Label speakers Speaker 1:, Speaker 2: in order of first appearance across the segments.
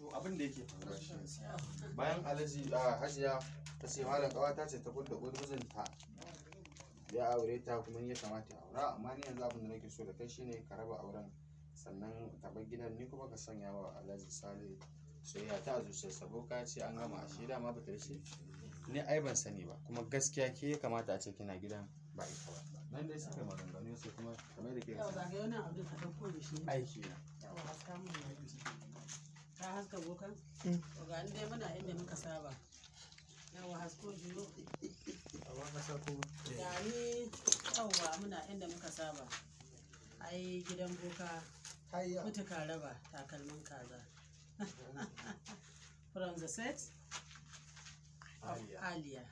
Speaker 1: to abin da yake bayan alaji a ah, hajiya ta ce malam kawata ce ta kudda gudun ta ya aure ta kuma ya kamata ya aura amma ni yanzu abin da nake so da kai shine ka raba auren sannan taɓa gidan ni kuma ka sanya wa alhaji sale soyayya ta zuciya sabo ka ce an gama shi ma ba ta rashe ni ai ban sani ba kuma gaskiya ke ya kamata a ce kina gidan ba ita ba nan dai suka maganganu sai kuma kamar da ke
Speaker 2: aiki na ta haska bokan mm. ga dai muna inda muka saba yawa hasko biyu ga ni yawa muna inda muka saba ai gidan boka mutuka raba takalmin kaza from the set of Alia.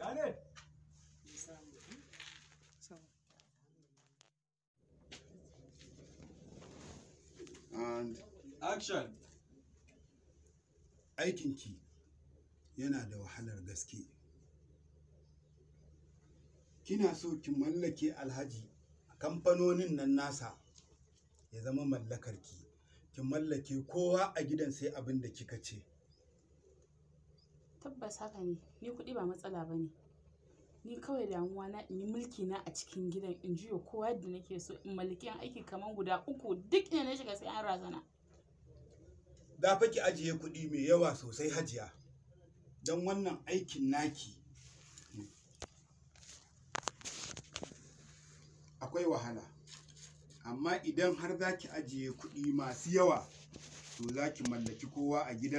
Speaker 3: Alia. action aikinki yana da wahalar gaske kina so ki mallake alhaji kamfanonin nan nasa ya zama mallakarki ki mallake kowa a gidan sai abin da kika ce
Speaker 2: tabbas haka ne ni kuɗi ba matsala ba ne ni kawai damuwa na in yi mulki na a cikin gidan in jiyo kowa yadda nake so in mallaki aiki kamar guda uku duk ina na shiga sai an razana
Speaker 3: fa ki ajiye kuɗi mai yawa sosai hajiya don wannan aikin naki akwai wahala amma idan har za ki ajiye kuɗi masu yawa to za ki mallaki kowa a gidan